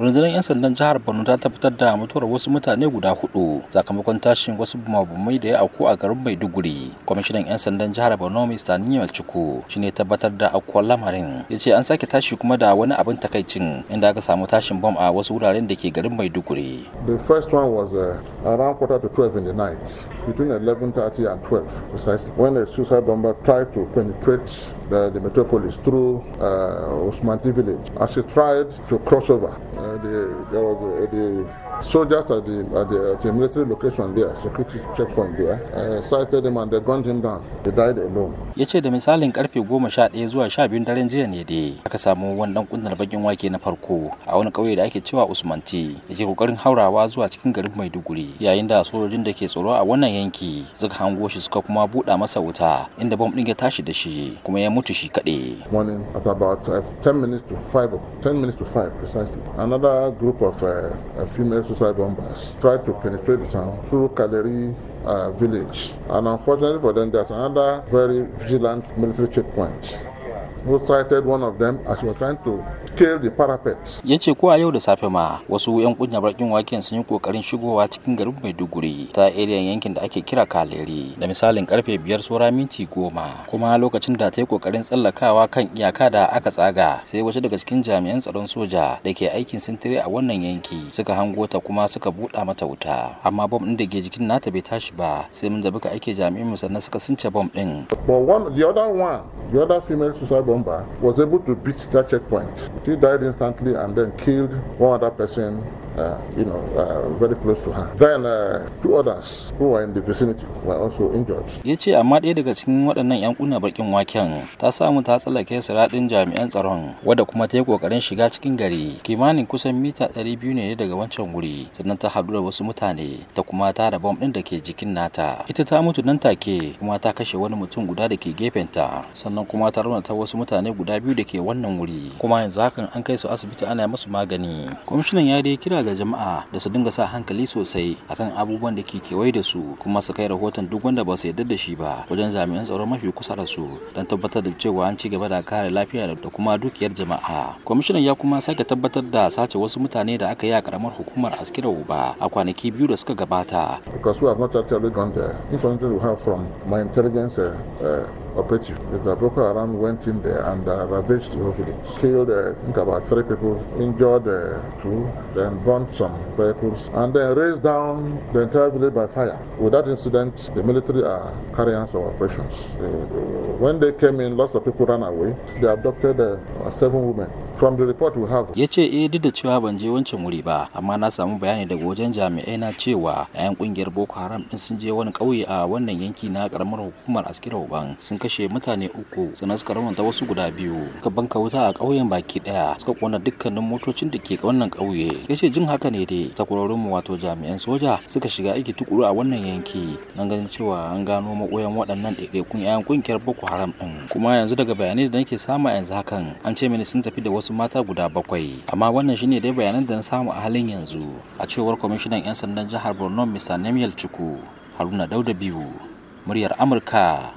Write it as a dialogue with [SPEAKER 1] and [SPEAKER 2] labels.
[SPEAKER 1] rundunar 'yan sandan jihar borno ta tabbatar da mutuwar wasu mutane guda hudu sakamakon tashin wasu bumabumai da ya auku a garin maiduguri kwamishinan 'yan sandan jihar borno mr niyal chuku shine tabbatar da akwai lamarin ya ce an sake tashi kuma da wani abin takaicin inda aka samu tashin bom a wasu wuraren da ke garin maiduguri
[SPEAKER 2] the first one was uh, around quarter to 12 in the night between 11.30 and 12 precisely. When the suicide bomber tried to penetrate the, the metropolis through uh, Osmanti village, as he tried to cross over, uh, the, there was a, the soldiers at the, at the, at the military location there, security checkpoint there, I uh, sighted him and they gunned him down. He died alone. Ya ce da misalin karfe
[SPEAKER 1] 11 zuwa 12 daren jiya ne dai aka
[SPEAKER 2] samu wani dan kunnar bakin wake na farko a wani kauye
[SPEAKER 1] da ake cewa Usmanti da ke kokarin haurawa zuwa cikin garin Maiduguri yayin da sojojin da ke tsoro a wannan yanki suka hango shi suka kuma buɗa masa wuta inda bom ɗin ya tashi da shi kuma ya
[SPEAKER 2] mutu shi kaɗai. Morning at about 10 uh, minutes to 5 10 minutes to 5 precisely another group of uh, uh female suicide bombers tried to penetrate the town through Kaleri uh, village. And unfortunately for them, there's another very vigilant military checkpoint who sighted one of them as he was trying to scale the parapet. Ya ce ko a yau
[SPEAKER 1] da safe ma wasu 'yan kunya barkin waken sun yi kokarin shigowa cikin garin Maiduguri ta eriyan yankin da ake kira Kaleri da misalin karfe biyar saura minti goma kuma lokacin da ta yi kokarin tsallakawa kan iyaka da aka tsaga sai wasu daga cikin jami'an tsaron soja da ke aikin sintiri a wannan yanki suka hango ta kuma suka buɗa mata wuta amma bom ɗin da ke jikin nata bai tashi ba sai mun zabi ka aike jami'in mu sannan suka sunce bom ɗin.
[SPEAKER 2] But one, the other one, the other female suicide bomber was able to beat that checkpoint. he died instantly and then killed one other person Uh, you know, uh, very close to her. Then uh, two others who were in the vicinity were also injured.
[SPEAKER 1] Ya ce amma ɗaya daga cikin waɗannan 'yan kuna bakin waken ta samu ta tsallake siraɗin jami'an tsaron wadda kuma ta yi ƙoƙarin shiga cikin gari kimanin kusan mita 200 ne daga wancan wuri sannan ta haɗu da wasu mutane ta kuma da bom ɗin da ke jikin nata. Ita ta mutu nan take kuma ta kashe wani mutum guda da ke gefenta sannan kuma ta raunata wasu mutane guda biyu da ke wannan wuri kuma yanzu hakan an kai su asibiti ana musu magani. Kwamishinan ya dai kira ga jama'a da su dinga sa hankali sosai akan abubuwan da ke kewaye da su kuma su kai rahoton duk wanda ba su yarda da shi ba wajen jami'an tsaron mafi kusa da su don tabbatar da cewa an ci gaba da kare lafiya da kuma dukiyar jama'a kwamishinan ya kuma sake tabbatar da sace wasu mutane da aka yi a karamar hukumar askira ba a kwanaki biyu da suka gabata
[SPEAKER 2] because not actually from my intelligence uh, uh, operative. The Boko Haram went in there and uh, ravaged the whole village, killed, uh, I think, about three people, injured uh, two, then burnt some vehicles, and then razed down the entire village by fire. With that incident, the military are carrying out some operations. when they came in, lots of people ran away. They abducted uh, seven women. From the report we have,
[SPEAKER 1] ya ce eh duk da cewa ban je wancan wuri ba, amma na samu bayani daga wajen jami'ai na cewa 'yan kungiyar Boko Haram din sun je wani a wannan yanki na karamar hukumar Askira Uban sun kashe mutane uku sannan suka ta wasu guda biyu suka banka wuta a ƙauyen baki ɗaya suka kona dukkanin motocin da ke wannan ƙauye ya ce jin haka ne dai takwarorin mu wato jami'an soja suka shiga aiki tukuru a wannan yanki nan ganin cewa an gano makoyan waɗannan ɗaiɗaikun 'ya'yan ƙungiyar boko haram ɗin kuma yanzu daga bayanai da nake samu yanzu hakan an ce mini sun tafi da wasu mata guda bakwai amma wannan shine dai bayanan da na samu a halin yanzu a cewar kwamishinan 'yan sandan jihar borno mr nemiel chuku haruna dauda biyu muryar amurka